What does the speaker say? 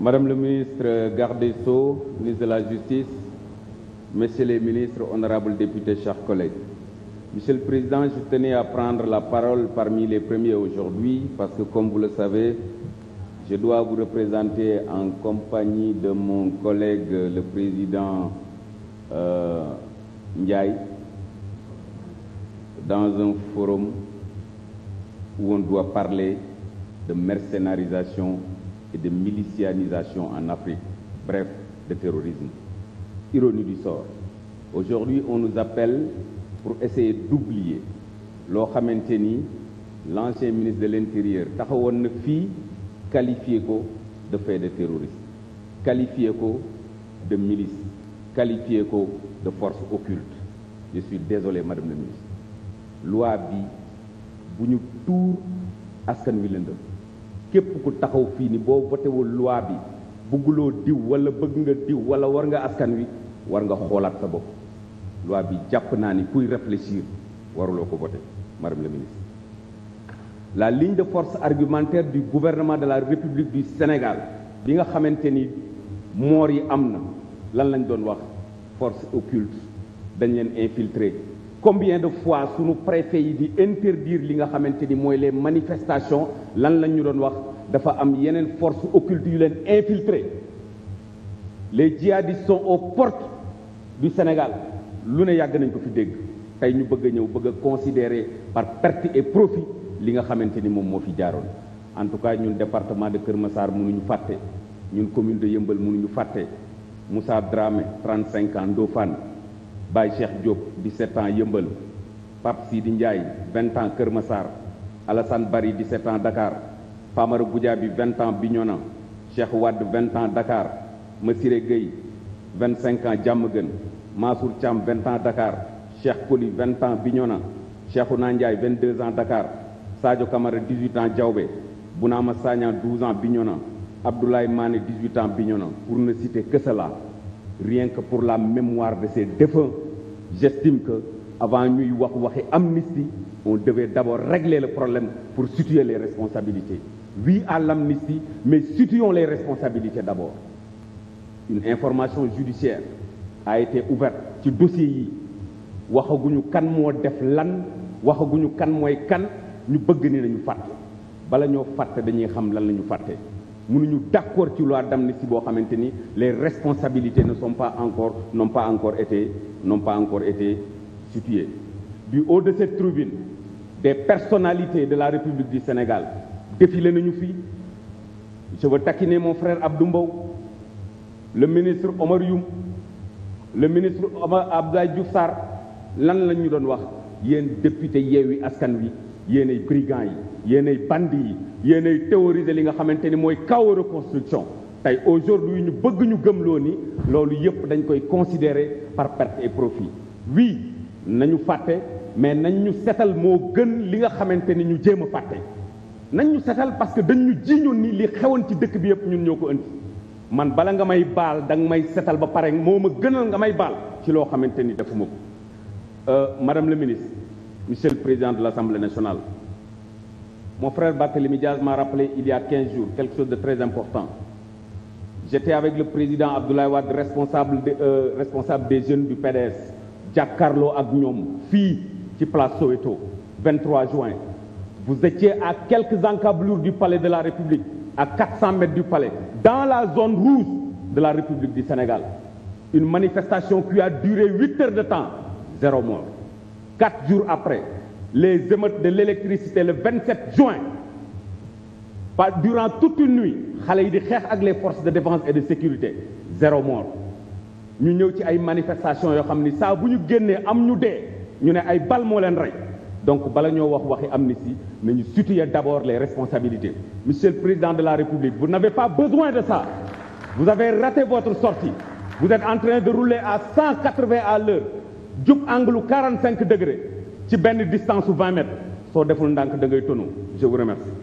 Madame le ministre garde des Sceaux, ministre de la Justice, Messieurs les ministres, honorables députés, chers collègues, Monsieur le Président, je tenais à prendre la parole parmi les premiers aujourd'hui parce que, comme vous le savez, je dois vous représenter en compagnie de mon collègue, le Président euh, dans un forum où on doit parler de mercénarisation et de milicianisation en Afrique, bref, de terrorisme. Ironie du sort. Aujourd'hui, on nous appelle pour essayer d'oublier loo xamante ni l'ancien ministre de l'intérieur taxawoon na fii qualifié ko de fait de terroriste qualifié ko de milice qualifié ko de force occulte je suis désolé madame la ministre loi bi bu ñu tuur askan wi lëndëm képp ku taxaw fii ni boo votewul loi bi bëgguloo diw wala bëgg nga diw wala war nga askan wi war nga xoolaat sa bopp loi bi jàpp naa ni kuy réfléchir waruloo ko voter madame la ministre la ligne de force argumentaire du gouvernement de la république du Sénégal bi nga xamante ni moor yi am na lan lañ doon wax force occulte dañ leen infiltrer combien de fois sunu préfet yi di interdire li nga xamante ni mooy les manifestation lan lañ ñu doon wax dafa am yeneen force occulte yu leen infiltré les djihadistes sont aux du Sénégal lu ne yàgg nañ ko fi dégg tey ñu bëgg a ñëw bëgg a considérer par perte et profit li nga xamante ni moom moo fi jaaroon en tout cas ñun département de Kër Massar mënuñu fàtte ñun commune de Yëmbal mënuñu fàtte Moussa Dramé 35 ans Ndofane Baye Cheikh Diop 17 ans Yëmbal Pape Sidi Ndiaye 20 ans Kër Massar Alassane Bari 17 ans Dakar Famara Goudiaby 20 ans Bignona Cheikh Wade 20 ans Dakar Massiré Gueye 25 ans Diamaguène Mansour Thiam 20 ans Dakar Cheikh Koli 20 ans Bignona Cheikhouna Ndiaye 22 ans Dakar Sadio Camara 18 ans Diaobé Bounama Sagna 12 ans Bignona Abdoulaye Mané 18 ans Bignona pour ne citer que cela rien que pour la mémoire de ces défunts gestime que avant ñuy wax waxi am amnistie on devait d'abord régler la problème pour situer les responsabilités oui à l'amnistie mais situons les responsabilités d'abord une information judiciaire a été ouverte ci dossier yi waxaguñu kan moo def lan waxaguñu kan mooy kan ñu bëgg ni nañu fàtte bala ñoo fàtte dañuy xam lan la ñu fàtte mënuñu d'accord ci loi d'amnistie boo xamante ni les responsabilité ne sont pas encore n'ont pas encore été n'ont pas encore été situées du haut de cette tribune des personnalités de la République du Sénégal défilé nañu fii je veux taquiner mon frère Abdou Mbow le ministre Omar Youm le ministre Omar Abdoulaye Diouf Sarr lan lañ ñu doon wax yéen député Yewwi Askan Wi yéenay brigands yi yéenay bandi yi yéenay théoriser li nga xamante ni mooy kaw reconstruction tey aujourd'hui ñu bëgg ñu gëm loo ni loolu yëpp dañ koy considérer par perte et profit oui nañu fàtte mais nañ ñu setal moo gën li nga xamante ni ñu jéem a fàtte nañ ñu setal parce que dañ ñu jiiñoon ni li xewoon ci dëkk bi yëpp ñun ñoo ko indi man bala nga may baal danga may setal ba pare moo ma gënal nga may baal ci loo xamante ni defuma ko euh, madame la ministre Monsieur le Président de l'Assemblée nationale, mon frère Barthélémy Diaz m'a rappelé a 15 jours quelque chose de très important. J'étais avec président Abdoulaye Wade, responsable, de, euh, responsable jeunes du PDS, Giancarlo Agnom, fille qui place Soweto, 23 juin. Vous étiez à quelques encablures du palais de la République, à 400 mètres du palais, dans la zone rouge de la République du Sénégal. Une de temps, zéro quatre jours après les émeutes de l'électricité le 27 juin pas durant toute une nuit xale yi di xeex ak les forces de défense et de sécurité zéro mort ñu ñëw ci ay manifestations yoo xam ni saa bu ñu génnee am ñu de ñu ne ay bal moo leen rey donc bala ñoo wax waxi amnistie nañu situer d'abord les responsabilités monsieur le président de la république vous n'avez pas besoin de ça vous avez raté votre sortie vous êtes en train de rouler à 180 à l'heure jub angle 45 degré ci benn distance su 20 soo deful ndànk da ngay tënu je vous